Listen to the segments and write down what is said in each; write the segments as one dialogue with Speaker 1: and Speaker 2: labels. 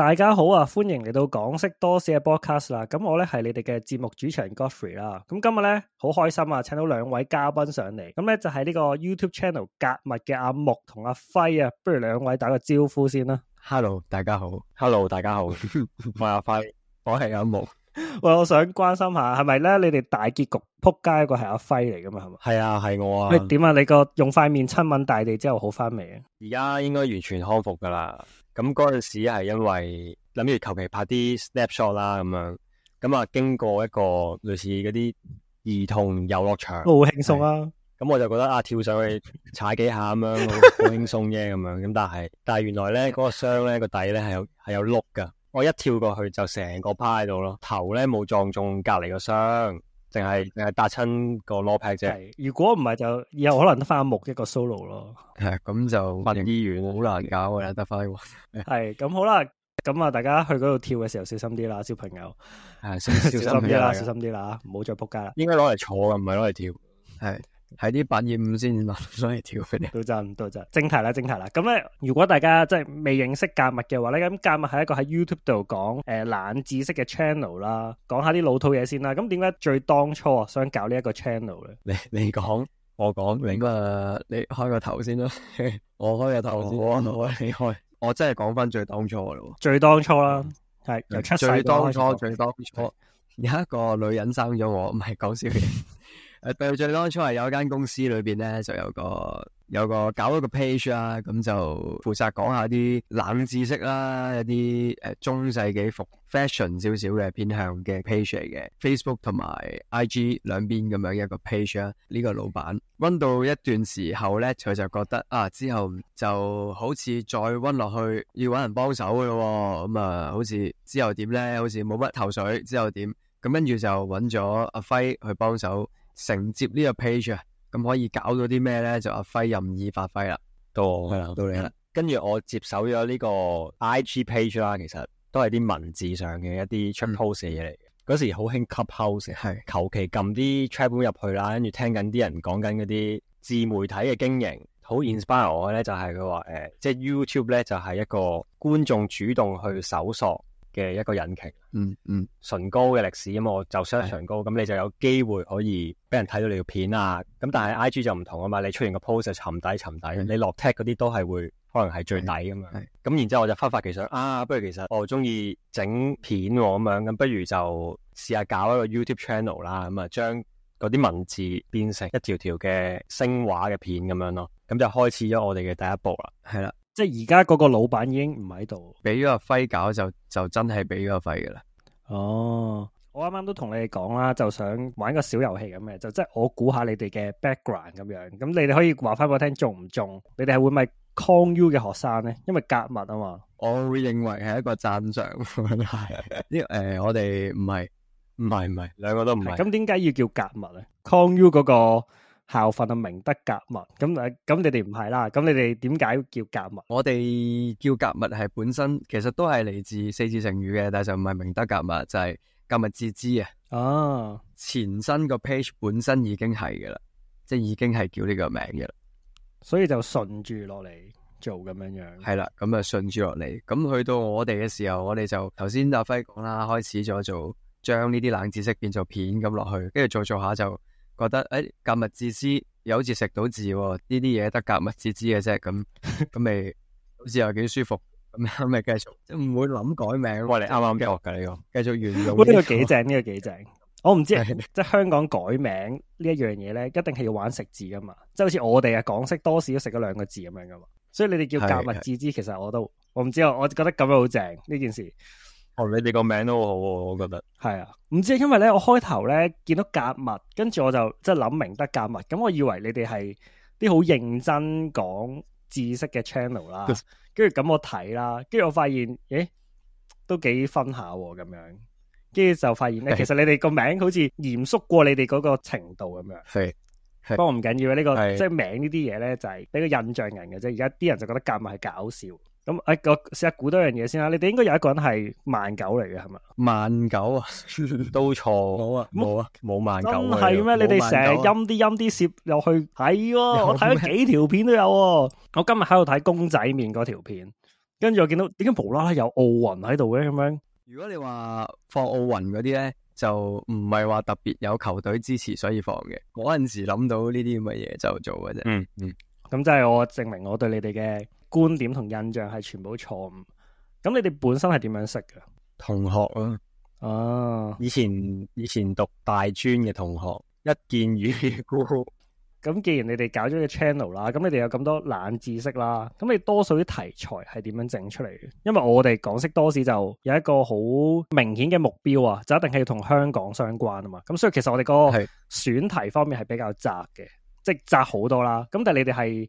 Speaker 1: 大家好啊，歡迎嚟到港式多士嘅 podcast 啦。咁我呢係你哋嘅節目主持人 Godfrey 啦。咁今日呢好開心啊，請到兩位嘉賓上嚟。咁呢就係呢個 YouTube channel 格物嘅阿木同阿輝啊。不如兩位打個招呼先啦。Hello，大
Speaker 2: 家好。Hello，大家好。 我係阿輝，我係
Speaker 1: 阿木。 喂，我想關心下，係咪呢？你哋大結局撲街個係阿輝嚟噶嘛，係咪？
Speaker 2: 係啊，係我啊。喂，點
Speaker 1: 啊？你個用塊面親吻大地之後好翻未啊？而
Speaker 2: 家應該完全康復噶啦。咁嗰陣時係因為諗住求其拍啲 snapshot 啦咁樣，咁啊經過一個類似嗰啲兒童遊樂場，好輕鬆啊！咁我就覺得啊，跳上去踩幾下咁樣好輕鬆啫，咁樣咁但係 但係原來咧嗰個箱咧個底咧係有係有碌噶，我一跳過去就成個趴喺度咯，頭咧冇撞中隔籬個箱，淨係淨係搭親個 lock 啫，
Speaker 1: 如果唔係就以後可能得翻阿木一個 solo 咯。
Speaker 2: 係咁就瞓醫院，好難
Speaker 1: 搞啊，得翻的。係咁的 好啦，咁啊，大家去嗰度跳嘅時候小心啲啦，小朋友。
Speaker 2: 係，小心啲啦，家小心
Speaker 1: 啲啦，唔好再撲街啦。
Speaker 2: 應該攞嚟坐㗎，唔係攞嚟跳。係。喺啲八二五先諗想嚟跳嘅，到真到真。正題啦，正題啦。咁咧，如果大
Speaker 1: 家即係未認識格物嘅話咧，咁格物係一個喺 YouTube 度講誒冷、呃、知識嘅 channel 啦，講下啲老套嘢先啦。咁點解最當初啊想搞這道呢一個 channel 咧？
Speaker 2: 你你講，我講，永誒白，你開個頭先啦， 我開個頭先。我我、啊啊啊、你開，我真係講翻最當初咯。最當初啦，係、嗯、最當初，最當初有對一個女人生咗我，唔係講笑嘅。 誒，對、啊、最當初係有一間公司裏邊咧，就有個有個搞一個 page 啦、啊，咁就負責講一下啲冷知識啦，一啲誒中世紀服 fashion 少少嘅偏向嘅 page 嚟嘅 Facebook 同埋 IG 兩邊咁樣一個 page 啦、啊。呢、呢個老闆温到一段時候咧，佢就覺得啊，之後就好似再温落去要搵人幫手噶咯，咁啊，好似之後點咧，好似冇乜頭緒。之後點咁跟住就搵咗阿輝去幫手。承接呢個 page 啊，咁可以搞到啲咩呢？就阿輝任意發揮啦，到我係啦，的到你啦。嗯、跟住我接手咗呢個 IG page 啦，其實都係啲文字上嘅一啲 trap post 嘢嚟嘅。嗰、嗯、時好興 Clubhouse 係求其撳啲 chat room 入去啦，跟住聽緊啲人講緊嗰啲自媒體嘅經營，好 inspire 我呢，就係佢話誒，即、呃、係、就是、YouTube 呢，就係、是、一個觀眾主動去搜索。嘅一個引擎，嗯嗯，嗯唇膏嘅歷史咁，我就想唇膏，咁的你就有機會可以俾人睇到你條片啊，咁但係 I G 就唔同啊嘛，你出現個 p o s e 就沉底沉底，的你落 tag 嗰啲都係會可能係最底咁樣，咁然之後我就突發奇想啊，不如其實我中意整片咁樣，咁不如就試下搞一個 YouTube channel 啦，咁啊將嗰啲文字變成一條條嘅聲畫嘅片咁樣咯，咁就開始咗我哋嘅第一步啦，係啦。即係而家
Speaker 1: 嗰個老闆已經唔喺
Speaker 2: 度，俾咗阿輝搞就就真係俾咗阿輝㗎啦。哦，
Speaker 1: 我啱啱都同你哋講啦，就想玩個小遊戲咁嘅，就即係、就是、我估下你哋嘅 background 咁樣，咁你哋可以話翻俾我聽中唔中？你哋係會唔咪 Con U 嘅學生咧？因為格物啊嘛，
Speaker 2: 我會認為係一個讚賞，係呢，誒，我哋唔係唔係唔係兩個都唔係。咁點解要叫格物咧？Con U 嗰個。
Speaker 1: 校訓啊，明德格物咁啊，咁你哋唔係啦，咁你哋點解叫格物？
Speaker 2: 我哋叫格物係本身，其實都係嚟自四字成語嘅，但係就唔係明德格物，就係格物致知啊。哦，前身個 page 本身已經係嘅啦，即係已經係叫呢個名嘅啦。所以就順住落嚟
Speaker 1: 做咁樣樣。
Speaker 2: 係啦，咁啊順住落嚟，咁去到我哋嘅時候，我哋就頭先阿輝講啦，開始咗做將呢啲冷知識變做片咁落去，跟住做一做下就。覺得誒，格物致知又好似食到字，哦，呢啲嘢得格物致知嘅啫，咁咁咪好似又幾舒服，咁咪繼續，唔會諗改名。喂， 你啱啱畀我嘅，呢個繼續沿用，呢個，呢 個幾正，
Speaker 1: 呢、呢個幾正。我唔知， 即係香港改名呢一樣嘢咧，一定係要玩食字噶嘛， 即係好似我哋啊，港識多史都食咗兩個字咁樣噶嘛，所以你哋叫格物致知， 其實我都我唔知啊，我覺得咁樣好正呢件事。哦，你哋個名都好好，我覺得係啊，唔知因為咧，我開頭咧見到格物，跟住我就即係諗明得格物，咁我以為你哋係啲好認真講知識嘅 channel 啦，跟住咁我睇啦，跟住我發現，咦，都幾分下咁，啊，樣，跟住就發現咧，是其實你哋個名好似嚴肅過你哋嗰個程度
Speaker 2: 咁樣，係，我不過唔緊要呢個即係
Speaker 1: 名呢啲嘢咧就係俾個印象人嘅啫，而家啲人就覺得格物係搞笑。咁誒，我、嗯、試下估多樣嘢先啦。你哋應該有一個人係萬九嚟嘅，係嘛？萬九啊，都錯冇啊，冇啊，冇萬九。係咩、啊？你哋成日陰啲陰啲攝入去係，去啊、我睇咗幾條片都有、啊。我今日喺度睇公仔麵嗰條片，跟住我見到點解無啦啦有奧運喺度嘅？咁樣，
Speaker 2: 如果你話放奧運嗰啲咧，就唔係話特別有球隊支持，所以放嘅。嗰陣時諗到呢啲咁嘅嘢就做嘅啫。嗯嗯，
Speaker 1: 咁即係我證明我對你哋嘅。觀點同印象係全部錯誤。咁你哋本身係點樣識嘅？同學啊，哦、啊，以前以前讀大專嘅同學一見如故。咁 既然你哋搞咗個 channel 啦，咁你哋有咁多冷知識啦，咁你多數啲題材係點樣整出嚟嘅？因為我哋港識多史就有一個好明顯嘅目標啊，就一定係要同香港相關啊嘛。咁所以其實我哋個選題方面係比較窄嘅，是即係窄好多啦。咁但係你哋係。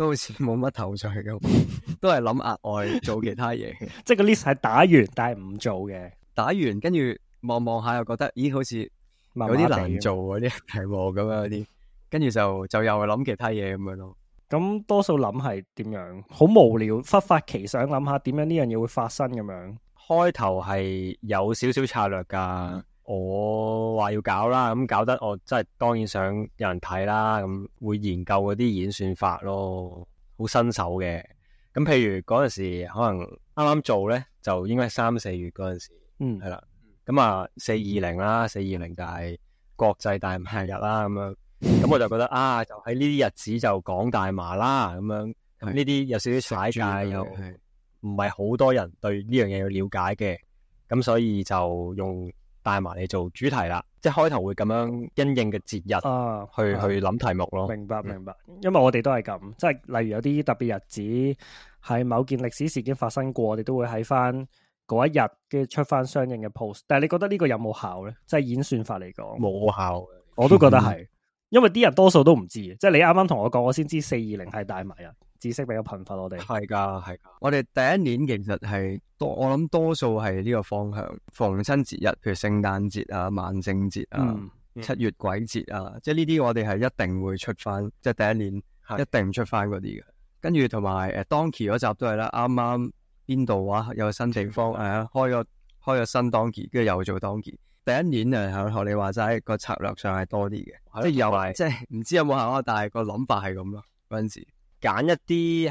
Speaker 2: 都好似冇乜頭緒咁，都係諗額外做其他嘢， 即係個 list 係打完但係唔做嘅，打完跟住望望下又覺得，咦好似有啲難做嗰啲題咁啊嗰啲，跟住就就又係諗其他嘢咁樣咯。咁多數諗係點樣？
Speaker 1: 好無聊，忽發奇想諗下點樣呢樣嘢會發生咁樣。
Speaker 2: 開頭係有少少策略噶。嗯我話要搞啦，咁搞得我真係當然想有人睇啦。咁會研究嗰啲演算法咯，好新手嘅。咁譬如嗰陣時可能啱啱做咧，就應該係三四月嗰陣時，嗯係啦。咁啊，四二零啦，四二零就係國際大麻日啦，咁樣。咁我就覺得是啊，就喺呢啲日子就講大麻啦，咁樣，咁呢啲有少少踩界又唔係好多人對呢樣嘢要了解嘅，咁所以就用。帶埋嚟做主題啦，即係開頭會咁樣因應嘅節日啊，去去諗題目咯。明白明白，
Speaker 1: 因為我哋都係咁，即係例如有啲特別日子，喺某件歷史事件發生過，我哋都會喺翻嗰一日嘅出翻相應嘅 post。但係你覺得呢個有冇效咧？即係演算法嚟講，冇效。我都覺得係， 因為啲人多數都唔知，即係
Speaker 2: 你啱啱同我講，我先知四二零係帶埋人。知識比較貧乏，我哋係㗎，係㗎。我哋第一年其實係多，我諗多數係呢個方向，逢親節日，譬如聖誕節啊、萬聖節啊、嗯嗯、七月鬼節啊，即係呢啲我哋係一定會出翻，即係第一年一定唔出翻嗰啲嘅。的跟住同埋誒 Donki 嗰集都係啦，啱啱邊度話有個新地方係啊的，開個開個新 Donki，跟住又做 Donki。第一年誒學你話齋個策略上係多啲嘅，的即係又係的即係唔知有冇行開，但係個諗法係咁咯嗰陣時揀一啲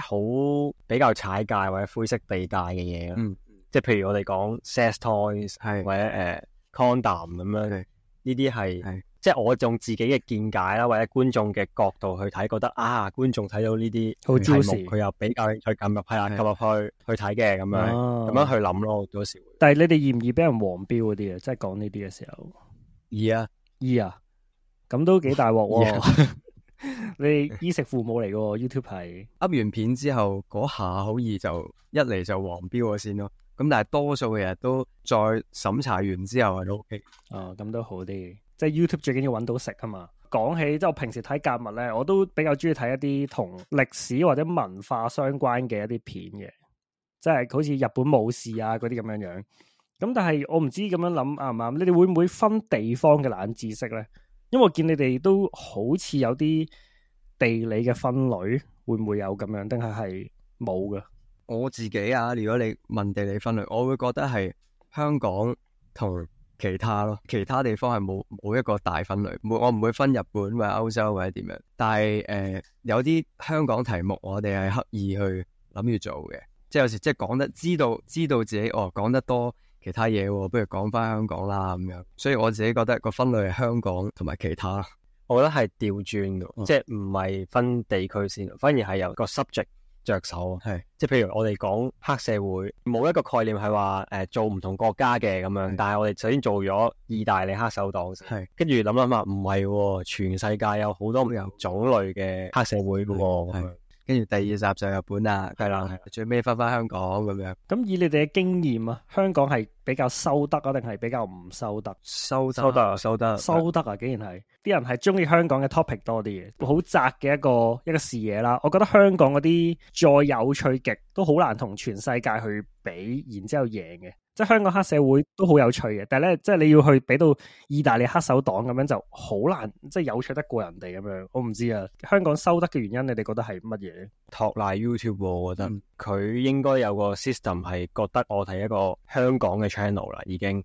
Speaker 2: 好比較踩界或者灰色地帶嘅嘢咯，即係譬如我哋講 sex toys，或者誒 condom 咁樣，呢啲係即係我用自己嘅見解啦，或者觀眾嘅角度去睇，覺得啊觀眾睇到呢啲節目，佢又比較興趣撳入去，撳入去去睇嘅咁樣，咁樣去諗咯，好多時。但
Speaker 1: 係你哋易唔易俾人黃標嗰啲啊？即係講呢啲嘅時候，
Speaker 2: 易啊易啊，咁都幾大鑊喎！ 你衣食父母嚟個 YouTube 係，噏完片之後嗰下好易就一嚟就黃標咗先咯。咁但係多數嘅人都再審查完之後係都 OK 啊，咁都、哦、好啲。
Speaker 1: 即係 YouTube 最緊要揾到食啊嘛。講起即係我平時睇格物咧，我都比較中意睇一啲同歷史或者文化相關嘅一啲片嘅，即係好似日本武士啊嗰啲咁樣樣。咁但係我唔知咁樣諗啱唔啱，你哋會唔會分地方嘅冷知識咧？因為我見你哋都好似有啲地理嘅分類，會唔會有咁樣？定係係冇㗎？
Speaker 2: 我自己啊，如果你問地理分類，我會覺得係香港同其他咯，其他地方係冇冇一個大分類。我唔會分日本或者歐洲或者點樣。但係誒、呃，有啲香港題目我哋係刻意去諗住做嘅，即係有時即係講得知道知道自己哦，講得多。其他嘢喎、啊，不如講返香港啦咁樣，所以我自己覺得個分類係香港同埋其他，我覺得係調轉。哦、即係唔係分地區先，反而係由個 subject 着手，係是，即係譬如我哋講黑社會，冇一個概念係話誒做唔同國家嘅咁樣，是但係我哋首先做咗意大利黑手黨，跟住諗諗下，唔係是，全世界有好多唔同種類嘅黑社會噶喎。跟住第二集就日本啦，係啦，嗯、最尾翻翻香港
Speaker 1: 咁樣。咁、嗯、以你哋嘅經驗啊，香港係比較收得啊，定係比較唔收得？收收得，收得，
Speaker 2: 收得，收得
Speaker 1: 啊！的竟然係，啲人係中意香港嘅 topic 多啲嘅，好窄嘅一個一個視野啦。 我覺得香港嗰啲再有趣極都好難同全世界去比，然之後贏嘅。即係香港黑社會都好有趣嘅，但係咧，即係你要去俾到意大利黑手黨咁樣就好難，即係有趣得過人哋咁樣。我唔知啊，香港收得嘅原因，你哋覺得係乜嘢？
Speaker 2: 托賴 YouTube，我覺得佢、嗯、應該有個 system 係覺得我係一個香港嘅 channel 啦，已經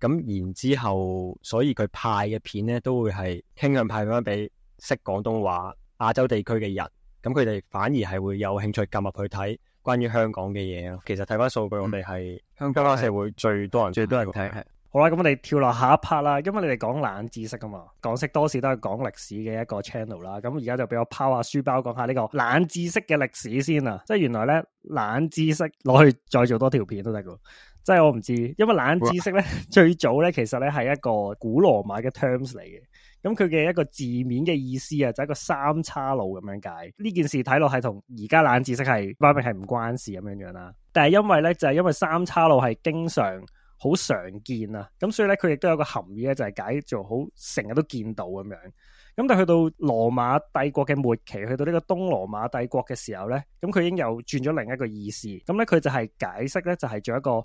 Speaker 2: 咁，然之後所以佢派嘅片咧都會係傾向派翻俾識廣東話亞洲地區嘅人，咁佢哋反而係會有興趣撳入去睇。關於香港嘅嘢咯，其實睇翻數據我哋係，我哋係香港社會最多人是最多人睇。是是好
Speaker 1: 啦，咁我哋跳落下，下一 part 啦，因為你哋講冷知識噶嘛，港識多史都係講歷史嘅一個 channel 啦。咁而家就俾我拋下書包，講下呢個冷知識嘅歷史先啦，即係原來咧冷知識攞去再做多條片都得噶，即係我唔知，因為冷知識咧哇最早咧其實咧係一個古羅馬嘅 terms 嚟嘅。咁佢嘅一個字面嘅意思啊，就一個三叉路咁樣解。呢件事睇落係同而家冷知識係，表面係唔關事咁樣樣啦。但係因為咧，就係因為三叉路係經常好常見啊，咁所以咧佢亦都有個含義咧，就係解做好成日都見到咁樣。咁但去到羅馬帝國嘅末期，去到呢個東羅馬帝國嘅時候咧，咁佢已經有轉咗另一個意思。咁咧佢就係解釋咧，就係做一個。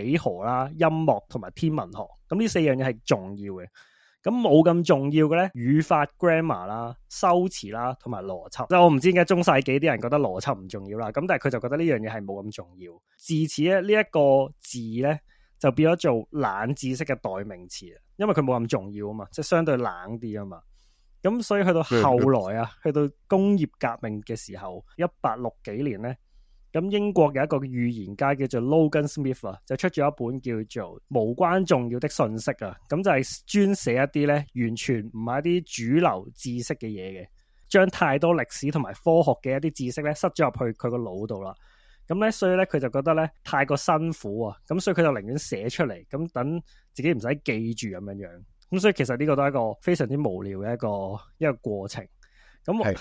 Speaker 1: 幾何啦、音樂同埋天文學，咁呢四樣嘢係重要嘅。咁冇咁重要嘅咧，語法 grammar 啦、修辭啦同埋邏輯。即係我唔知點解中世紀啲人覺得邏輯唔重要啦。咁但係佢就覺得呢樣嘢係冇咁重要。自此咧，呢、這、一個字咧就變咗做冷知識嘅代名詞，因為佢冇咁重要啊嘛，即係相對冷啲啊嘛。咁所以去到後來啊， 去到工業革命嘅時候，一八六幾年咧。咁英國有一個預言家叫做 Logan Smith 啊，就出咗一本叫做無關重要的信息啊，咁就係專寫一啲咧完全唔係一啲主流知識嘅嘢嘅，將太多歷史同埋科學嘅一啲知識咧塞咗入去佢個腦度啦。咁咧，所以咧佢就覺得咧太過辛苦啊，咁所以佢就寧願寫出嚟，咁等自己唔使記住咁樣樣。咁所以其實呢個都係一個非常之無聊嘅一個一個過程。咁係，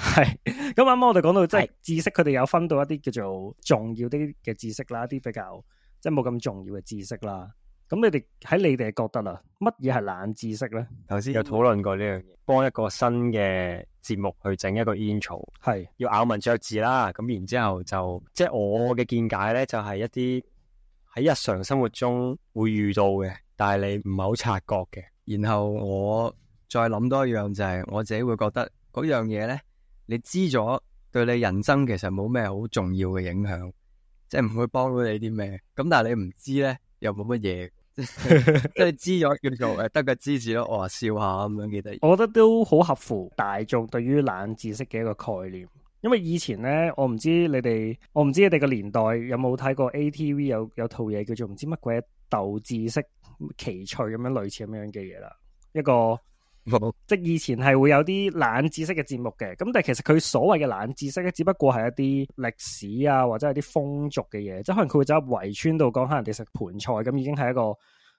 Speaker 1: 咁啱啱我哋是講到即係知識，佢哋有分到一啲叫做重要啲嘅知識啦，一啲比較即係冇咁重要嘅知識啦。咁你哋喺你哋覺得啦，乜嘢係冷知識咧？
Speaker 2: 頭先有討論過呢樣嘢，幫一個新嘅節目去整一個 intro，係是要咬文嚼字啦。咁然之後就，即係我嘅見解咧，就係一啲喺日常生活中會遇到嘅，但係你唔係好察覺嘅。然後我再諗多一樣就係我自己會覺得。嗰樣嘢咧，你知咗對你人生其實冇咩好重要嘅影響，即係唔會幫到你啲咩。咁但係你唔知咧，又冇乜嘢。即係知咗叫做誒得個知識咯，我話笑下咁樣幾得意。
Speaker 1: 我覺得都好合乎大眾對於冷知識嘅一個概念。因為以前咧，我唔知你哋，我唔知你哋個年代有冇睇過 ATV 有有套嘢叫做唔知乜鬼鬥知識奇趣咁樣類似咁樣嘅嘢啦，一個。即係以前係會有啲冷知識嘅節目嘅，咁但係其實佢所謂嘅冷知識咧，只不過係一啲歷史啊，或者係啲風俗嘅嘢，即係可能佢會走去圍村度講下人哋食盆菜咁，已經係一個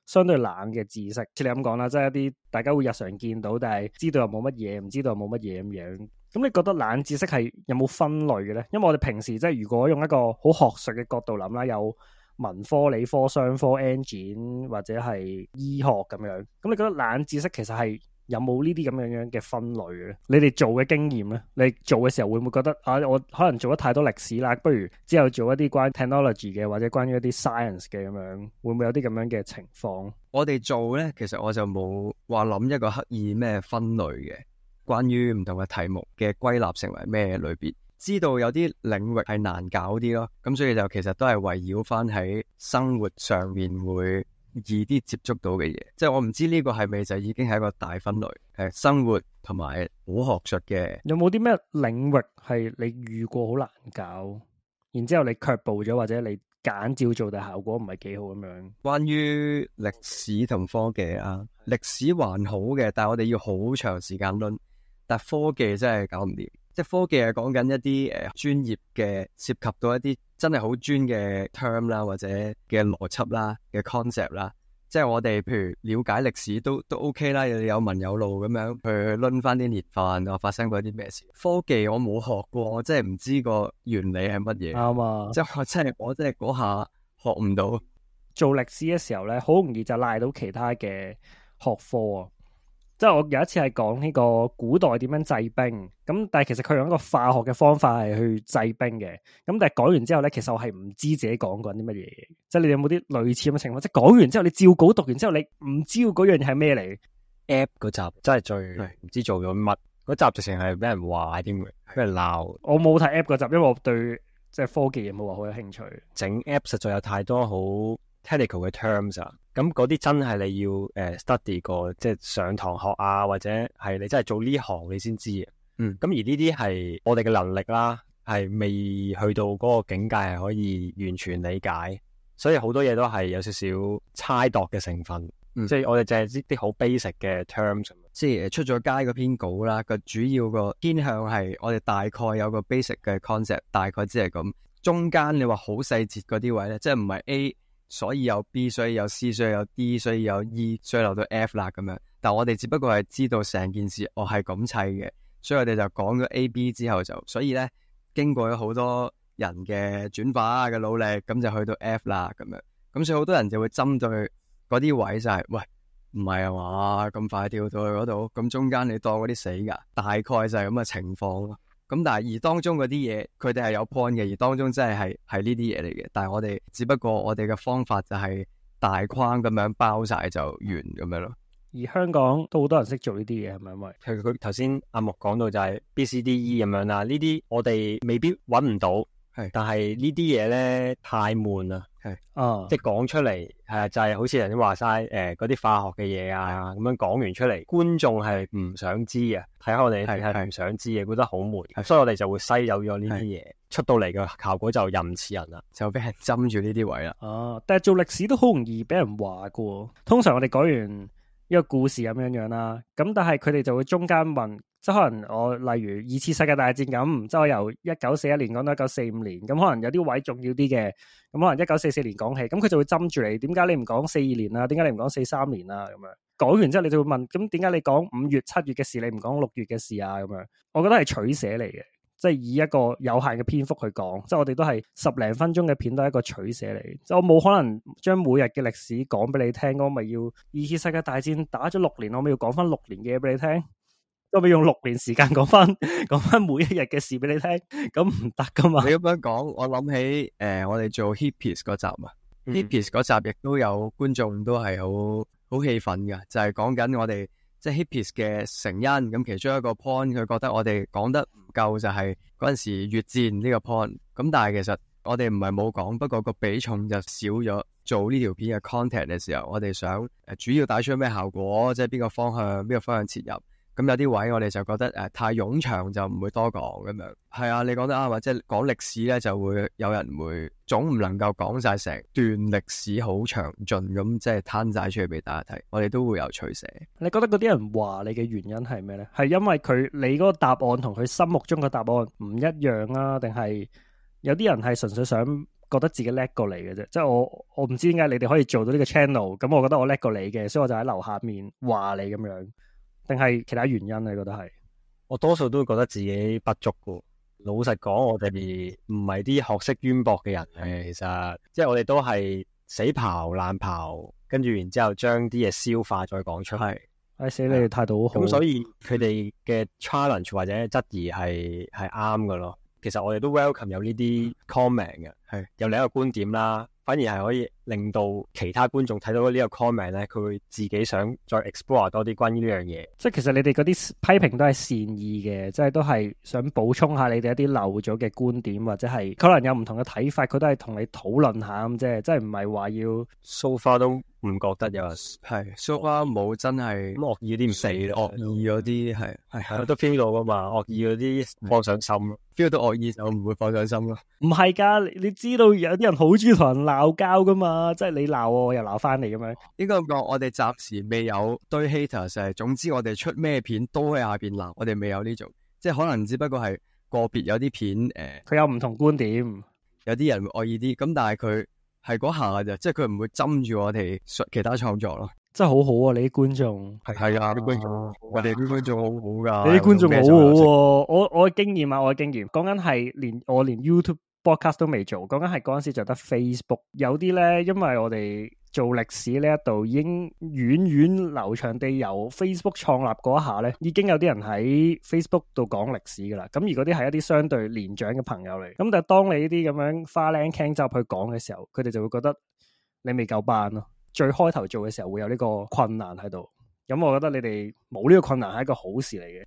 Speaker 1: 相對冷嘅知識。似你咁講啦，即係一啲大家會日常見到，但係知道又冇乜嘢，唔知道又冇乜嘢咁樣。咁你覺得冷知識係有冇分類嘅咧？因為我哋平時即係如果用一個好學術嘅角度諗啦，有文科、理科、商科、engine 或者係醫學咁樣，咁你覺得冷知識其實係？有冇呢啲咁樣樣嘅分類咧？你哋做嘅經驗咧，你做嘅時候會唔會覺得啊，我可能做得太多歷史啦？不如之後做一啲關於 technology 嘅，或者關於一啲 science 嘅咁樣，會唔會有啲咁樣嘅情況？
Speaker 2: 我哋做咧，其實我就冇話諗一個刻意咩分類嘅，關於唔同嘅題目嘅歸納成為咩類別，知道有啲領域係難搞啲咯，咁所以就其實都係圍繞翻喺生活上面會。易啲接觸到嘅嘢，即係我唔知呢個係咪就已經係一個大分類，係生活同埋好學術嘅。
Speaker 1: 有冇啲咩領域係你遇過好難搞，然之後你卻步咗或者你硬照做嘅效果唔係幾好咁樣？
Speaker 2: 關於歷史同科技啊，歷史還好嘅，但係我哋要好長時間論，但係科技真係搞唔掂。即係科技係講緊一啲誒專業嘅，涉及到一啲真係好專嘅 term 啦，或者嘅邏輯啦嘅 concept 啦。即係我哋譬如了解歷史都都 OK 啦，有文有路咁樣去論翻啲年份啊，發生過啲咩事？科技我冇學過，我真係唔知個原理係乜嘢。啱啊吧！即係我真係我真係嗰下學唔到。做歷史嘅時候咧，好容易就賴到其他嘅學科啊。
Speaker 1: 即係我有一次係講呢個古代點樣製冰，咁但係其實佢用一個化學嘅方法係去製冰嘅，咁但係講完之後咧，其實我係唔知自己講過啲乜嘢。即係
Speaker 2: 你有冇啲類似咁嘅情況？即係講完之後，你照稿讀完之後，你唔知嗰樣嘢係咩嚟？App 嗰集真係最唔知做咗乜，嗰是集直情係俾人話添，俾人鬧。我冇睇 App 嗰集，因為我對即係科技有冇話好有興趣。整 App 實在有太多好。technical 嘅 terms 啊，咁嗰啲真係你要誒 study 過，即係上堂學啊，或者係你真係做呢行你才知道，你先知嘅。嗯，咁而呢啲係我哋嘅能力啦，係未去到嗰個境界，係可以完全理解，所以好多嘢都係有少少猜度嘅成分。即係我、嗯、哋淨係知啲好 basic 嘅 terms，即係出咗街嗰篇稿啦。個主要個偏向係我哋大概有個 basic 嘅 concept，大概只係咁中間你話好細節嗰啲位咧，即係唔係 A。所以有 B，所以有 C，所以有 D，所以有 E，所以留到 F 啦咁樣。但我哋只不過係知道成件事，我係咁砌嘅，所以我哋就講咗 A、B 之後就，所以呢經過咗好多人嘅轉化、嘅努力，咁就去到 F 啦咁樣。咁所以好多人就會針對嗰啲位就係、是，喂唔係啊嘛，咁快跳到去嗰度，咁中間你當嗰啲死噶，大概就係咁嘅情況咯。咁、嗯、但係而當中嗰啲嘢，佢哋係有 point 嘅，而當中真係係係呢啲嘢嚟嘅。但係我哋只不過我哋嘅方法就係大框咁樣包晒，就完咁樣咯。
Speaker 1: 而香港都好多人識做呢啲嘢，係咪因為
Speaker 2: 其實佢頭先阿木講到就係 B C D E 咁樣啦？呢啲我哋未必揾唔到，係是但係呢啲嘢咧，太悶啦。係是啊，即係講出嚟，係啊，就係、是、好似人哋話晒，誒、欸，嗰啲化學嘅嘢啊，咁樣講完出嚟，觀眾係唔想知啊，睇下我哋係係唔想知嘅，是覺得好悶，是是所以我哋就會西有咗呢啲嘢出到嚟嘅效果就任似人啦，就俾人針住呢啲位啦。哦、啊，
Speaker 1: 但係做歷史都好容易俾人話噶，通常我哋講完一個故事咁樣樣啦，咁但係佢哋就會中間問。即係可能我例如二次世界大戰咁，即係我由一九四一年講到一九四五年咁，可能有啲位重要啲嘅，咁可能一九四四年講起，咁佢就會針住你。點解你唔講四二年啊？點解你唔講四三年啊？咁樣講完之後，你就會問，咁點解你講五月、七月嘅事，你唔講六月嘅事啊？咁樣，我覺得係取捨嚟嘅，即係以一個有限嘅篇幅去講。即係我哋都係十零分鐘嘅片，都係一個取捨嚟。即係我冇可能將每日嘅歷史講俾你聽，我咪要二次世界大戰打咗六年，我咪要講翻六年嘅嘢俾你聽。都咪用六年時間講翻講翻每一日嘅事俾你聽，
Speaker 2: 咁唔得噶嘛？你咁樣講，我諗起誒、呃，我哋做 Hippies 嗰集嘛、嗯、，Hippies 嗰集亦都有觀眾都係好好氣憤噶，就係講緊我哋即係、就是、Hippies 嘅成因。咁其中一個 point，佢覺得我哋講得唔夠，就係嗰陣時越戰呢個 point。咁但係其實我哋唔係冇講，不過個比重就少咗。做呢條片嘅 content 嘅時候，我哋想主要打出咩效果，即係邊個方向，邊個方向切入。咁有啲位我哋就覺得誒、呃、太冗長就唔會多講咁樣，係啊，你講得啱啊，即係講歷史咧就會有人會總唔能夠講晒成段歷史好長盡咁，即係攤晒出去俾大家睇，我哋都會有取捨。
Speaker 1: 你覺得嗰啲人話你嘅原因係咩呢？係因為佢你嗰個答案同佢心目中嘅答案唔一樣啊？定係有啲人係純粹想覺得自己叻過你嘅啫？即係我我唔知點解你哋可以做到呢個 channel，咁我覺得我叻過你嘅，所以我就喺樓下面話你咁樣。
Speaker 2: 定係其他原因、啊、你覺得係，我多數都覺得自己不足噶。老實講，我哋唔係啲學識淵博嘅人，其實即係我哋都係死刨爛刨，跟住然之後，後將啲嘢消化再講出來。
Speaker 1: 去、哎。係死是你態度好。咁所以
Speaker 2: 佢哋嘅 challenge 或者質疑係係啱嘅咯。其實我哋都 welcome 有呢啲 comment 嘅，係、嗯、有另一個觀點啦，反而係可以。令到其他觀眾睇到呢個 comment 咧，佢會自己想再 explore 多啲關於呢樣嘢。
Speaker 1: 即係其實你哋嗰啲批評都係善意嘅，即係都係想補充下你哋一啲漏咗嘅觀點或者係可能有唔同嘅睇法，佢都係同你討論下咁，即係即係唔係話
Speaker 2: 要 so far 都唔覺得有。係 so far 冇真係惡意嗰啲唔死咯，惡意嗰啲係係都 feel 到噶嘛，惡意嗰啲放上心咯，feel 到惡意就唔會放上心咯。
Speaker 1: 唔係噶，你你知道有啲人好中意同人鬧交噶嘛？啊！即係你鬧我，我又鬧翻你咁樣，
Speaker 2: 應該咁講。我哋暫時未有堆 hater，就係總之我哋出咩片都喺下邊鬧。我哋未有呢種，即係可能只不過係個別有啲片誒，佢、呃、有唔同觀點，有啲人會惡意啲。咁但係佢係嗰下就，即係佢唔會針住我哋其他創作咯。
Speaker 1: 真係好好啊！你啲觀眾
Speaker 2: 係係啊，啲觀眾，我哋啲觀眾好好噶，你啲觀眾好好。我我嘅經驗啊，我嘅經驗講緊
Speaker 1: 係連我連 YouTube。播客都未做，講緊係嗰陣時就得 Facebook。有啲呢，因為我哋做歷史呢一度已經源遠流長地由 Facebook 創立嗰一下呢，已經有啲人喺 Facebook 度講歷史噶啦。咁而嗰啲係一啲相對年長嘅朋友嚟。咁但係當你呢啲咁樣花零聽汁去講嘅時候，佢哋就會覺得你未夠班咯。最開頭做嘅時候會有呢個困難喺度。咁我覺得你哋冇呢個困難係一個好事嚟嘅。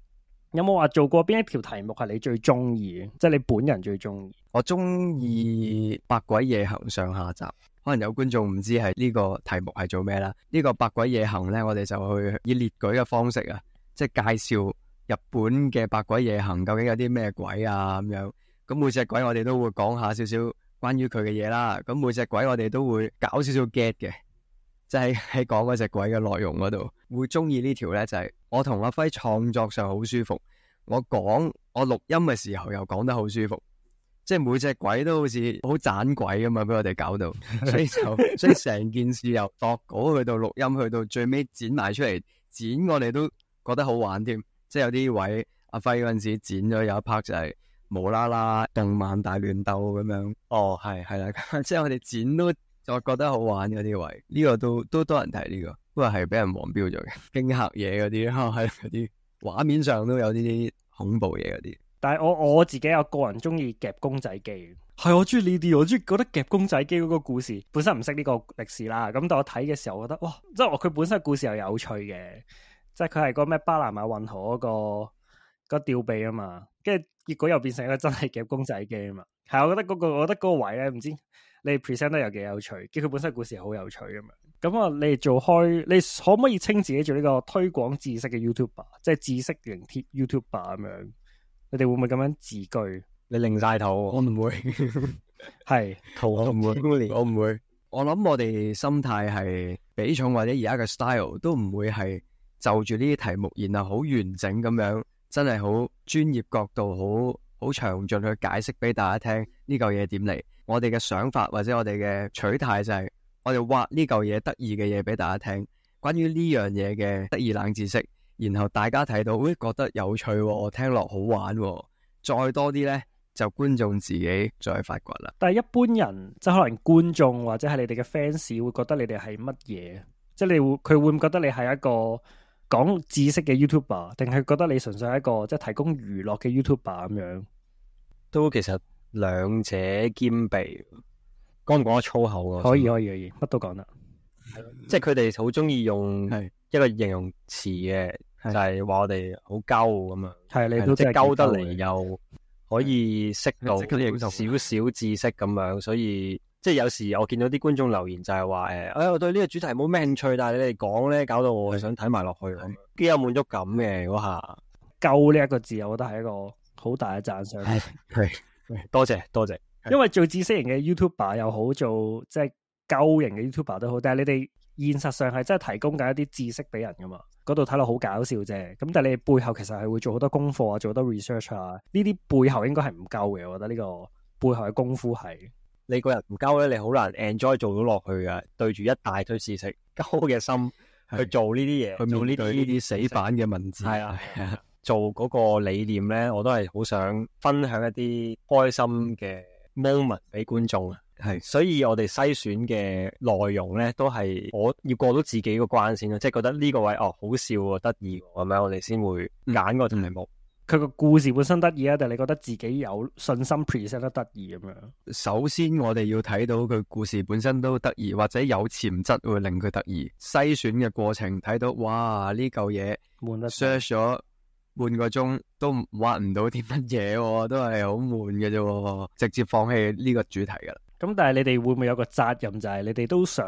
Speaker 1: 有冇話做過邊一條題目係你最中意？即係你本人最中意。
Speaker 2: 我中意《百鬼夜行》上下集，可能有觀眾唔知係呢個題目係做咩啦。呢個《百鬼夜行》咧，我哋就去以列舉嘅方式啊，即係介紹日本嘅《百鬼夜行》究竟有啲咩鬼啊咁樣。咁每隻鬼我哋都會講下少少關於佢嘅嘢啦。咁每隻鬼我哋都會搞少少 get 嘅。就係喺講嗰隻鬼嘅內容嗰度，會中意呢條咧就係我同阿輝創作上好舒服，我講我錄音嘅時候又講得好舒服，即係每隻鬼都好似好盞鬼噶嘛，俾我哋搞到，所以就 所以成件事由度稿去到錄音去到最尾剪埋出嚟剪，我哋都覺得好玩添，即係有啲位阿輝嗰陣時剪咗有一 part 就係無啦啦動漫大亂鬥咁樣，哦係係啦，即係我哋剪都。我覺得好玩嗰啲位，呢個都都多人睇呢個，不過係俾人黃標咗嘅驚嚇嘢，嗰啲可能係嗰啲畫面上都有呢啲恐怖嘢嗰啲。但係我我自己有個人
Speaker 1: 中意夾公仔機嘅，係我中意呢啲，我中意覺得夾公仔機嗰個故事本身唔識呢個歷史啦。咁但我睇嘅時候，我覺得哇，即係我佢本身故事又有趣嘅，即係佢係個咩巴拿馬運河嗰個個吊臂啊嘛，跟住，結果又變成一個真係夾公仔機啊嘛。係，我覺得嗰個，我覺得嗰個位咧，唔知。你 present 得有幾有趣，兼，佢本身故事好有趣咁樣，咁啊，你做開，你可唔可以稱自己做呢個推廣知識嘅 YouTuber，即係知識型 YouTuber 咁樣？你哋會唔會咁樣自居？你
Speaker 2: 擰晒頭。我唔會，係圖我唔會，會，會，我唔會。我諗我哋心態係比重或者而家嘅 style 都唔會係就住呢啲題目，然後好完整咁樣，真係好專業角度，好好詳盡去解釋俾大家聽呢嚿嘢點嚟。這個我哋嘅想法或者我哋嘅取態就係我哋挖呢嚿嘢得意嘅嘢俾大家聽，關於呢樣嘢嘅得意冷知識，然後大家睇到，誒，哎，覺得有趣哦，我聽落好玩哦，再多啲呢，就觀眾自己再發掘啦。
Speaker 1: 但係一般人即係可能觀眾或者係你哋嘅 fans 會覺得你哋係乜嘢？即係你佢會唔覺得你係一個講知識嘅 YouTuber，定係覺得你純粹係一個即係提供娛樂嘅 YouTuber 咁樣？
Speaker 2: 都其實。兩者兼備，講唔講得粗口啊？可以，可以，可以，乜都講得。即係佢哋好中意用係一個形容詞嘅，就係話我哋好鳩咁啊。係你都即係鳩得嚟又可以識到少少知識咁樣，所以即係有時我見到啲觀眾留言就係話誒，哎，我對呢個主題冇咩興趣，但係你哋講咧，搞到我係想睇埋落去，幾有滿
Speaker 1: 足感嘅嗰下。鳩呢一個字，我覺得係一個好大嘅讚賞。係。
Speaker 2: 多謝多謝，多謝，因為
Speaker 1: 做知識型嘅 YouTuber 又好，做即係鳩型嘅 YouTuber 都好，但係你哋現實上係真係提供緊一啲知識俾人噶嘛？嗰度睇落好搞笑啫，咁但係你哋背後其實係會做好多功課多啊，做好多 research 啊，呢啲背後應該係唔鳩嘅。我覺得呢個背後嘅功夫係
Speaker 2: 你個人唔鳩咧，你好難 enjoy 做到落去噶。對住一大堆知識鳩嘅心去做呢啲嘢，去做呢啲死板嘅文字，係啊、嗯。的 做嗰個理念呢，我都係好想分享一啲開心嘅 moment 俾觀眾啊。係是，所以我哋篩選嘅內容呢，都係我要過到自己個關先啦。即係覺得呢個位哦，好笑啊、哦，得意咁、哦、樣，我哋先會揀個題目。
Speaker 1: 佢、嗯、個故事本身得意啊，定係你覺得自己有信心 present 得得意咁樣？
Speaker 2: 首先，我哋要睇到佢故事本身都得意，或者有潛質會令佢得意。篩選嘅過程睇到，哇！呢嚿嘢 search 咗半個鐘都挖唔到啲乜嘢，都係好悶嘅啫，直接放棄呢個主題噶啦。咁但係你哋會唔會有個責任，就係、是、你哋都
Speaker 1: 想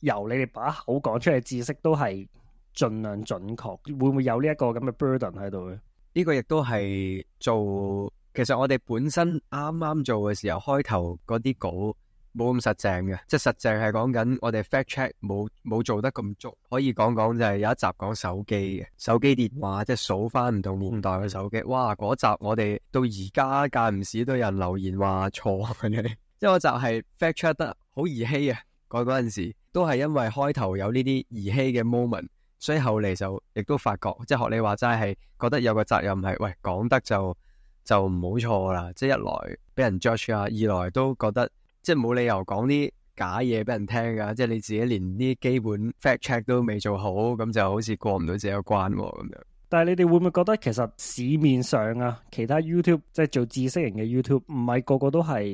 Speaker 1: 由你哋把口講出嚟知識都係盡量準確，會唔會有呢一個咁嘅 burden 喺度呢？
Speaker 2: 呢個亦都係做，其實我哋本身啱啱做嘅時候，開頭嗰啲稿。冇咁實淨嘅，即係實淨係講緊我哋 fact check 冇冇做得咁足，可以講講就係有一集講手機嘅手機電話，即係數翻唔同年代嘅手機。哇，嗰集我哋到而家間唔時都有人留言話錯呀，即係嗰集係 fact check 得好兒戲啊。嗰陣時都係因為開頭有呢啲兒戲嘅 moment，所以後嚟就亦都發覺，即係學你話齋係覺得有個責任係，喂，講得就就唔好錯啦。即係一來俾人 judge 啊，二來都覺得。即係冇理由講啲假嘢俾人聽噶，即係你自己連啲基本 fact check 都未做好，咁就好似過唔到自己個關咁樣。
Speaker 1: 但係你哋會唔會覺得，其實市面上啊，其他 YouTube 即係做知識型嘅 YouTube，唔係個個都係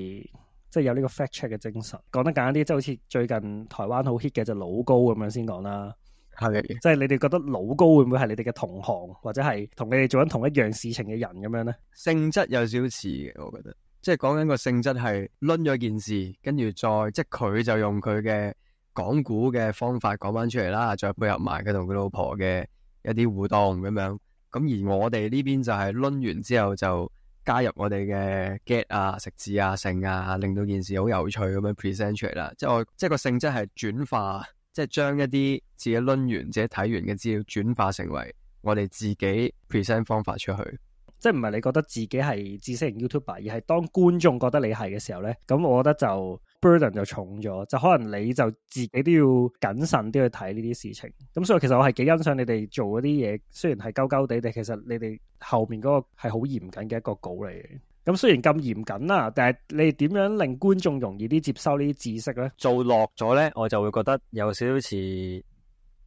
Speaker 1: 即係有呢個 fact check 嘅精神。講得簡單啲，即係好似最近台灣好 hit 嘅就老高咁樣先講啦。係嘅。即係你哋覺得老高會唔會係你哋嘅同行，或者係同你哋做緊同一樣事情嘅人咁樣呢？
Speaker 2: 性質有少少似嘅，我覺得。即係講緊個性質係掄咗件事，跟住再即係佢就用佢嘅講古嘅方法講翻出嚟啦，再配合埋佢同佢老婆嘅一啲互動咁樣。咁而我哋呢邊就係掄完之後就加入我哋嘅 get 啊、食字啊、剩啊，令到一件事好有趣咁樣 present 出嚟啦。即係我即係個性質係轉化，即係將一啲自己掄完、自己睇完嘅資料轉化成為我哋自己 present 方法出去。
Speaker 1: 即係唔係你覺得自己係知識型 YouTuber，而係當觀眾覺得你係嘅時候呢。咁我覺得就 burden 就重咗，就可能你就自己都要謹慎啲去睇呢啲事情。咁所以其實我係幾欣賞你哋做嗰啲嘢，雖然係鳩鳩地，但其實你哋後面嗰個係好嚴謹嘅一個稿嚟嘅。咁雖然咁嚴謹啦，但係你點樣令觀眾容易啲接收呢啲知識呢？
Speaker 2: 做落咗呢，我就會覺得有少少似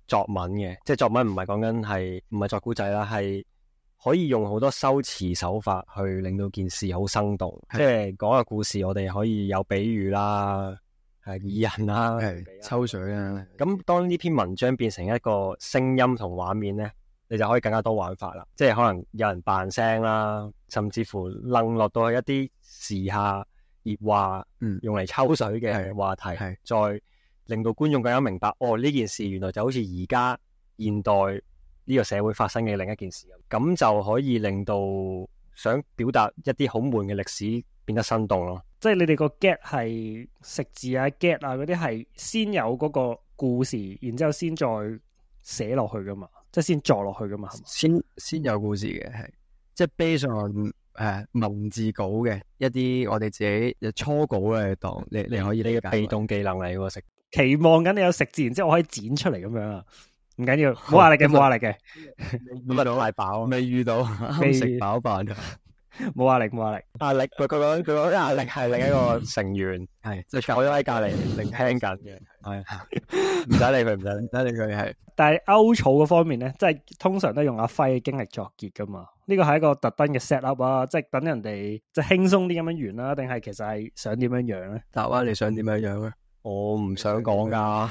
Speaker 2: 作文嘅，即係作文唔係講緊係唔係作古仔啦，係。可以用好多修辭手法去令到件事好生動，是即係講個故事，我哋可以有比喻啦、係擬是人啦、抽水啊。咁、嗯、當呢篇文章變成一個聲音同畫面呢，你就可以更加多玩法啦。即係可能有人扮聲啦，甚至乎淪落到一啲時下熱話，嗯，用嚟抽水嘅話題，再令到觀眾更加明白哦。呢件事原來就好似而家現代。呢個社會發生嘅另一件事咁，就可以令到想表達一啲好悶嘅歷史變得生動咯。
Speaker 1: 即係你哋個 get 係食字啊、get 啊嗰啲係先有嗰個故事，然之後先再寫落去噶嘛，即係先作落去噶嘛，係
Speaker 2: 咪先？先吧先有故事嘅，係即係 Based on 誒文字稿嘅一啲，我哋自己嘅初稿嘅當，你你可以呢個被動技能嚟喎，食期望緊你有食字，然之後我可以剪出嚟咁樣啊！唔緊要，冇壓力嘅，冇壓、哦、力嘅，冇乜好大飽啊，未遇到，未食飽飯啊，冇壓力，冇壓力，壓力佢講佢講，壓力係另一個成員，係、嗯，就坐咗喺隔籬聆聽緊嘅，
Speaker 1: 係，唔使、嗯、理佢，唔使唔使理佢係。但係歐草嗰方面咧，即係通常都
Speaker 2: 用阿輝嘅經歷作結噶嘛，
Speaker 1: 呢個係一個特登嘅 set up 啊，即係等人哋即係輕鬆啲
Speaker 2: 咁樣完啦、啊，定係其實係想點樣樣咧？達威你想點樣樣、啊、咧？我唔想講噶，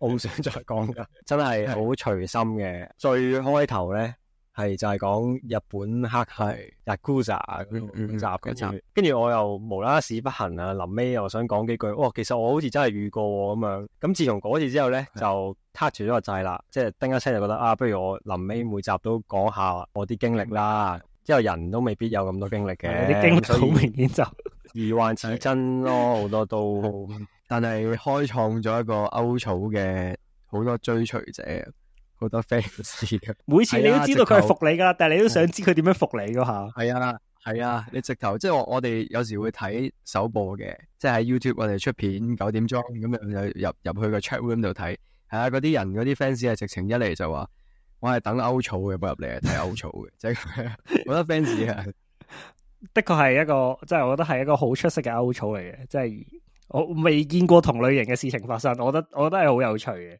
Speaker 2: 我唔想再講噶，真係好隨心嘅。最開頭咧，係就係講日本黑係 Yakuza 嗰種五集嘅，跟住我又無啦啦事不行啊。臨尾又想講幾句，哇！其實我好似真係遇過咁樣。咁自從嗰次之後咧，就 touch 住咗個掣啦。即係叮一聲就覺得啊，不如我臨尾每集都講下我啲經歷啦。之後人都未必有咁多經歷嘅，啲經歷好明顯就疑幻似真咯，好多都。但係開創咗一個歐草嘅好多追隨者，好多 fans 啊。每次你都知道佢係服你
Speaker 1: 噶，直頭 但係你都想知佢點樣服你咯吓？
Speaker 2: 係啊，係啊，你直頭即係我哋有時會睇首播嘅，即係喺 YouTube 我哋出片九點鐘咁樣就入入去個 chat room 度睇。係啊，嗰啲人嗰啲 fans 係直情一嚟就話，我係等歐草嘅，步入嚟睇歐草嘅， 即係我覺得 fans 係的確係一個，
Speaker 1: 即係我覺得係一個好出色嘅歐草嚟嘅，即係。我未見過同類型嘅事情發生，我覺得我覺得係好有趣嘅，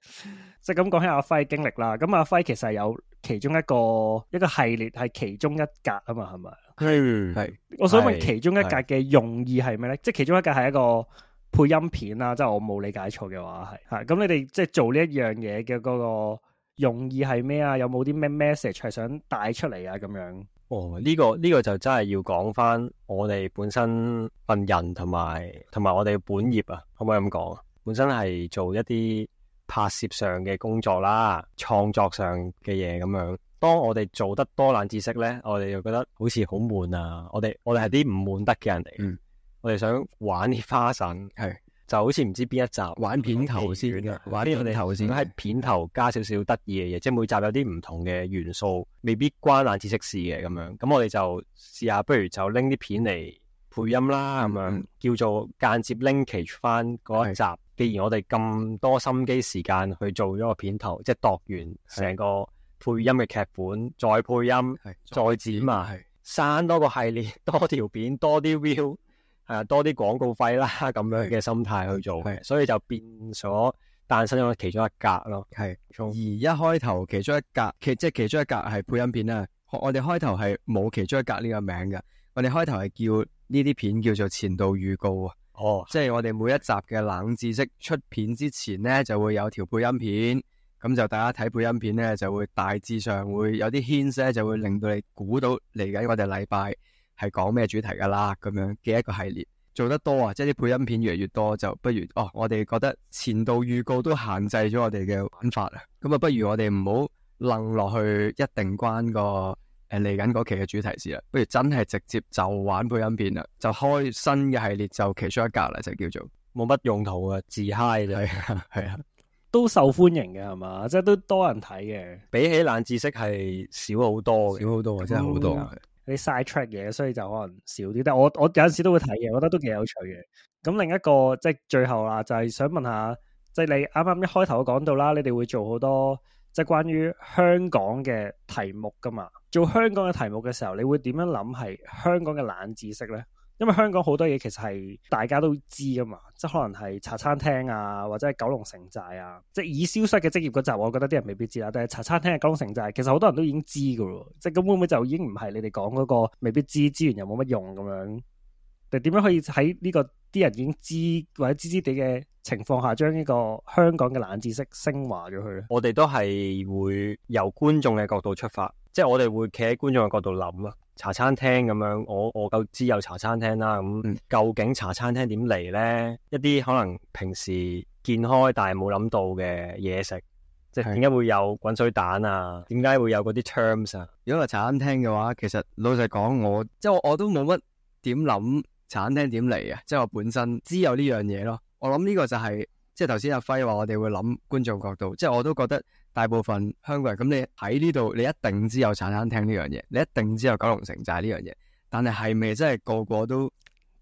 Speaker 1: 即係咁講起阿輝經歷啦。咁阿輝其實有其中一個一個系列係其中一格啊嘛，係咪？
Speaker 2: 係。 我想問其中一格
Speaker 1: 嘅用意係咩咧？ 即係其中一格係一個配音片啦，即係 我冇理解錯嘅話係。吓，咁你哋即係做呢一樣嘢嘅嗰個用意係咩啊？有冇啲咩 message 係想帶出嚟啊？咁樣？
Speaker 2: 哦，呢、這個呢、這個就真係要講返我哋本身份人同埋同埋我哋本業啊，可唔可以咁講啊？本身係做一啲拍攝上嘅工作啦，創作上嘅嘢，咁樣。當我哋做得多冷知識呢，我哋就覺得好似好悶啊！我哋我哋係啲唔悶得嘅人嚟，嗯，我哋想玩啲花臣係。就好似唔知邊一集玩片頭先試試玩啲我哋頭先，咁係、嗯嗯、片頭加少少得意嘅嘢，嗯、即係每集有啲唔同嘅元素，未必關冷知識事嘅咁樣。咁、嗯嗯、我哋就試下，不如就拎啲片嚟配音啦，咁樣、嗯、叫做間接 link 翻嗰一集。是既然我哋咁多心機時間去做咗個片頭，即係度完成個配音嘅劇本，再配音，是再剪啊，生是多個系列，多條片，多啲 view。係啊，多啲廣告費啦，咁樣嘅心態去做，是所以就變咗誕生咗其中一格咯。係，而一開頭其中一格，其即係其中一格係配音片啊。我哋開頭係冇其中一格呢個名嘅，我哋開頭係叫呢啲片叫做前導預告啊。哦，即係我哋每一集嘅冷知識出片之前呢，就會有條配音片，咁就大家睇配音片呢，就會大致上會有啲牽絲，就會令到你估到嚟緊我哋禮拜係講咩主題噶啦，咁樣嘅一個系列做得多啊，即係啲配音片越嚟越多，就不如哦，我哋覺得前度預告都限制咗我哋嘅玩法啦，咁啊，不如我哋唔好楞落去一定關個誒嚟緊嗰期嘅主題事啦，不如真係直接就玩配音片啦，就開新嘅系列，就其中一格啦，就叫做冇乜用途啊，自嗨就係啊，
Speaker 1: 都受歡迎嘅係嘛，即係都多人睇
Speaker 2: 嘅，比起冷知識係少好多嘅，少好多啊，真係好多。
Speaker 1: 你 side track 嘢，所以就可能少啲。但係我我有陣時都會睇嘢，我覺得都幾有趣嘅。咁另一個即係、就是、最後啦，就係、是、想問下，即、就、係、是、你啱啱一開頭講到啦，你哋會做好多即係、就是、關於香港嘅題目噶嘛。做香港嘅題目嘅時候，你會點樣諗係香港嘅冷知識咧？因為香港好多嘢其實係大家都知噶嘛，即係可能係茶餐廳啊，或者係九龍城寨啊，即係已消失嘅職業嗰集，我覺得啲人未必知啊。但係茶餐廳、九龍城寨，其實好多人都已經知噶咯，即係咁會唔會就已經唔係你哋講嗰個未必知，資源又冇乜用咁樣？定點樣可以喺呢個啲人已經知或者知知哋嘅情況下，將呢個香港嘅冷知識升華
Speaker 2: 咗佢咧？我哋都係會由觀眾嘅角度出發，即係我哋會企喺觀眾嘅角度諗。茶餐廳咁樣，我我夠知有茶餐廳啦。咁究竟茶餐廳點嚟呢？嗯、一啲可能平時見開但係冇諗到嘅嘢食，嗯、即係點解會有滾水蛋啊？點解會有嗰啲 terms 啊？如果係茶餐廳嘅話，其實老實講，我即係我我都冇乜點諗茶餐廳點嚟啊！即係我本身知有呢樣嘢咯。我諗呢個就係、是、即係頭先阿輝話我哋會諗觀眾角度，即係我都覺得。大部分香港人咁，你喺呢度，你一定知有茶餐廳呢樣嘢，你一定知有九龍城寨呢樣嘢。但係係咪真係個個都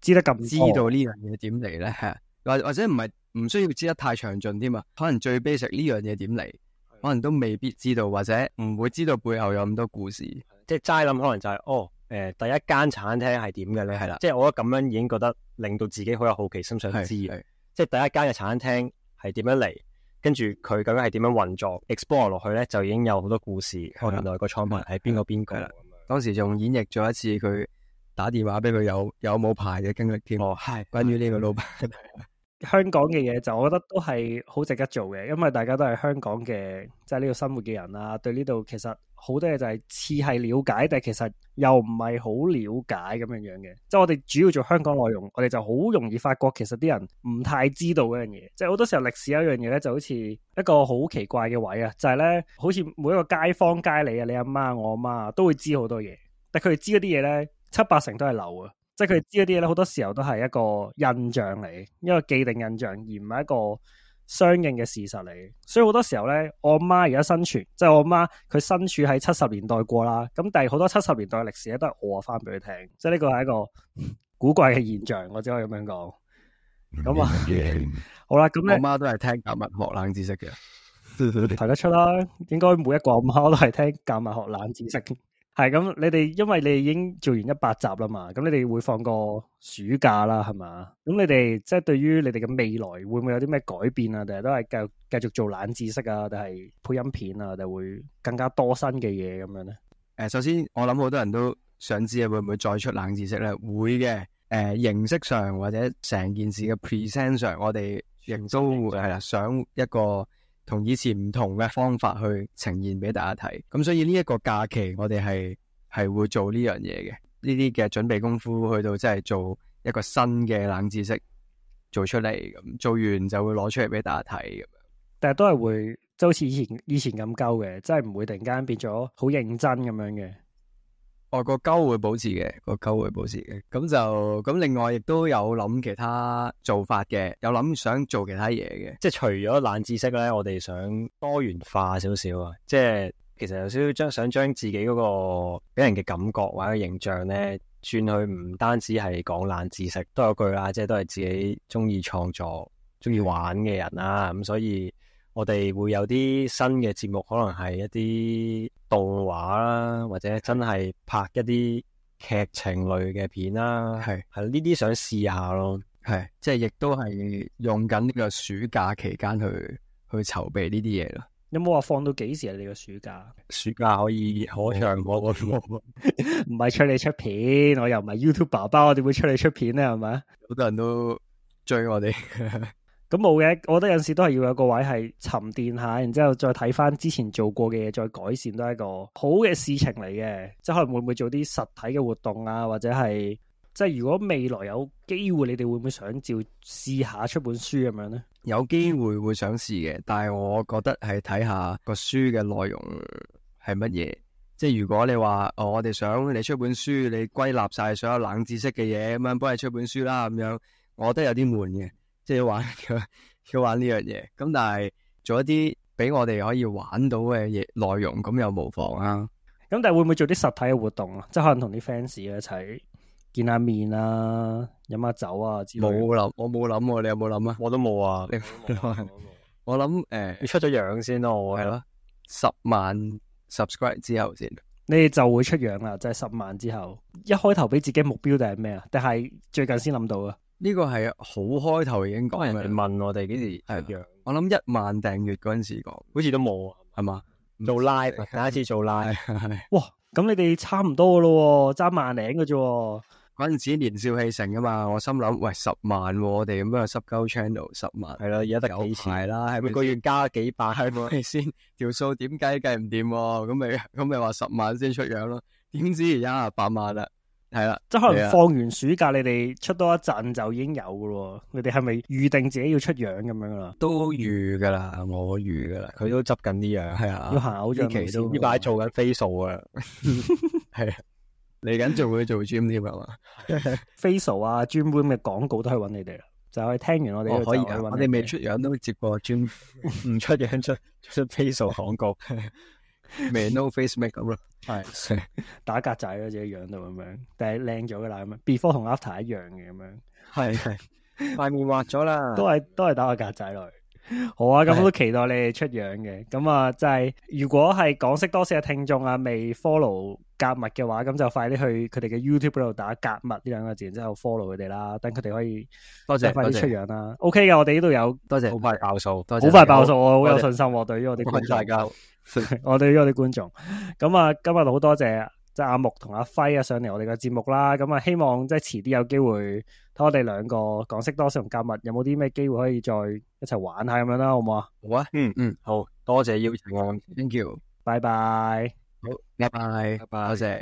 Speaker 2: 知得咁知道，樣知道呢樣嘢點嚟咧？或或者唔係唔需要知得太詳盡添啊？可能最 basic 呢樣嘢點嚟，可能都未必知道，或者唔會知道背後有咁多故事。即係齋諗，可能就係、是、哦，誒、呃，第一間茶餐廳係點嘅咧？係啦的，即係我覺得咁樣已經覺得令到自己好有好奇心想知。即係第一間嘅茶餐廳係點樣嚟？跟住佢究竟係點樣運作？Explore 落去呢，就已經有好多故事。哦、原來創個創辦人係邊個邊個啦。當時仲演繹咗一次，佢打電話俾佢有有冇牌嘅經歷添。哦，係關於呢個老闆。嗯、
Speaker 1: 香港嘅嘢就我覺得都係好值得做嘅，因為大家都係香港嘅，即係呢度生活嘅人啦，對呢度其實。好多嘢，就係似係了解，但係其實又唔係好了解咁樣樣嘅。即係我哋主要做香港內容，我哋就好容易發覺其實啲人唔太知道嗰樣嘢。即係好多時候歷史有一樣嘢咧，就好似一個好奇怪嘅位啊，就係咧，好似每一個街坊街里啊，你阿媽，我阿媽都會知好多嘢，但係佢哋知嗰啲嘢咧，七八成都係流啊。即係佢哋知嗰啲嘢咧，好多時候都係一個印象嚟，一個既定印象而唔係一個。相應嘅事實嚟，所以好多時候咧，我阿媽而家生存，即係我阿媽佢身處喺七十年代過啦，咁但係好多七十年代嘅歷史咧都係我話翻俾佢聽，即係呢個係一個古怪嘅現象，我只可以咁樣講。咁啊，Yeah. 好啦，咁我媽都係聽格物學冷知識嘅，睇 得出啦，啊，應該每一個阿媽都係聽格物學冷知識。係咁，是你哋因為你已經做完一百集啦嘛，咁你哋會放個暑假啦，係嘛？咁你哋即係對於你哋嘅未來會唔會有啲咩改變啊？定係都係繼續繼續做冷知識啊？定係配音片啊？定係會更加多新嘅嘢咁樣咧？
Speaker 2: 誒，首先我諗好多人都想知會唔會再出冷知識咧？會嘅，誒、呃，形式上或者成件事嘅 present 上，我哋亦都會係啦，想一個。同以前唔同嘅方法去呈現俾大家睇，咁所以呢一個假期我哋係係會做呢樣嘢嘅，呢啲嘅準備功夫去到即係做一個新嘅冷知識做出嚟，咁做完就會攞出嚟俾大家睇咁樣，
Speaker 1: 但係都係會就好似以前以前咁鳩嘅，即係唔會突然間變咗好認
Speaker 2: 真咁樣嘅。外、哦嗰個溝會保持嘅，嗰個溝會保持嘅，咁就咁。另外，亦都有諗其他做法嘅，有諗想，想做其他嘢嘅，即係除咗冷知識呢，我哋想多元化少少啊。即係其實有少少將想將自己嗰個俾人嘅感覺或者形象呢轉去唔單止係講冷知識，都有句話啦，即係都係自己中意創作、中意玩嘅人啦。咁的、嗯、所以。我哋會有啲新嘅節目，可能係一啲動畫啦，或者真係拍一啲劇情類嘅片啦，係係呢啲想試下咯，係即係亦都係用緊呢個暑假期間去去籌備呢啲嘢咯。
Speaker 1: 有冇話放到幾時啊？你個暑假
Speaker 2: 暑假可以可長可短咯，唔係、哦、 出嚟出片，我又唔係 YouTube 爸爸，我點會出嚟
Speaker 1: 出片咧？係咪？好
Speaker 2: 多人都追我哋。
Speaker 1: 咁冇嘅，我覺得有陣時都係要有個位係沉澱下，然之後再睇翻之前做過嘅嘢，再改善都係一個好嘅事情嚟嘅。即係可能會唔會做啲實體嘅活動啊，或者係即係如果未來有機會，你哋會唔會想照試下出本書咁樣呢？
Speaker 2: 有機會會想試嘅，但係我覺得係睇下個書嘅內容係乜嘢。即係如果你話，哦，我哋想你出本書，你歸納晒所有冷知識嘅嘢咁樣，幫你出本書啦咁樣，我覺得有啲悶嘅。即係玩佢，要玩呢樣嘢咁，但係做一啲俾我哋可以玩到嘅嘢內容咁又無妨啊。
Speaker 1: 咁但係會唔會做啲實體嘅活動啊？即係可能同啲 fans 一齊見下面啊，
Speaker 2: 飲下酒啊之類，冇諗，我冇諗喎，你有冇諗啊？我都冇啊。我諗誒，你出咗樣先咯，係咯，十萬 subscribe 之後先，
Speaker 1: 你哋就會出樣啦，即係十萬之後。一開頭俾自己目標定係咩啊？定係
Speaker 2: 最近先諗到啊？呢個係好開頭已經講人哋，問我哋幾時出樣，啊？我諗一萬訂閱嗰陣時講，好似都冇吧啊，係嘛？做 live，第一次做 live，哇！咁你哋差唔多噶咯，爭萬零噶啫。嗰陣時年少氣盛啊嘛，我心諗喂十萬，啊、我哋咁樣濕鳩 channel 十萬，係啦，而家得幾錢啦？係咪每個月加幾百係咪先？條數點計計唔掂？咁咪咁咪話十萬先出樣咯，啊？點知而家廿八萬啦，啊？係啦，即係可能放完暑假，你哋
Speaker 1: 出多一陣就已經有噶咯。你哋係咪預定自己要出樣咁樣啦？
Speaker 2: 都預噶啦，我預噶啦，佢都執緊啲樣，係啊，呢期都呢排做緊 facial 啊，係啊，嚟緊仲會做 gym 添啊嘛 facial
Speaker 1: 啊，gym room 嘅廣告都係搵你哋啦。就係聽完我哋，可以我哋未出
Speaker 2: 樣都會接過 gym，唔出樣出出 facial 廣告。咩？no face make 咯，係
Speaker 1: 打格仔咯，自己樣到咁樣，但係靚咗噶啦咁樣。before 同 after 一樣嘅咁樣，
Speaker 2: 係係塊面畫咗啦，都
Speaker 1: 係都係打個格仔女。好啊，咁我都期待你哋出樣嘅。咁啊，就係如果係港識多史嘅聽眾啊，未 follow 格物嘅話，咁就快啲去佢哋嘅 YouTube 嗰度打格物呢兩個字，然之後 follow 佢哋啦。等佢哋可以
Speaker 2: 多謝，快啲出樣啦。
Speaker 1: OK 嘅，我哋呢度有多謝，好快爆數，好快爆數，我好有信心對於我哋觀眾。 我哋呢啲觀眾，咁啊今日好多謝，即係阿木同阿輝啊上嚟我哋嘅節目啦。咁、嗯、啊希望即係遲啲有機會，我哋兩個港識多史同格物，有冇啲咩機會可以再一齊玩一下咁樣啦，好
Speaker 2: 唔好啊？好啊，嗯嗯，好多謝邀請我 thank you，拜拜，好，拜拜，拜拜，多謝。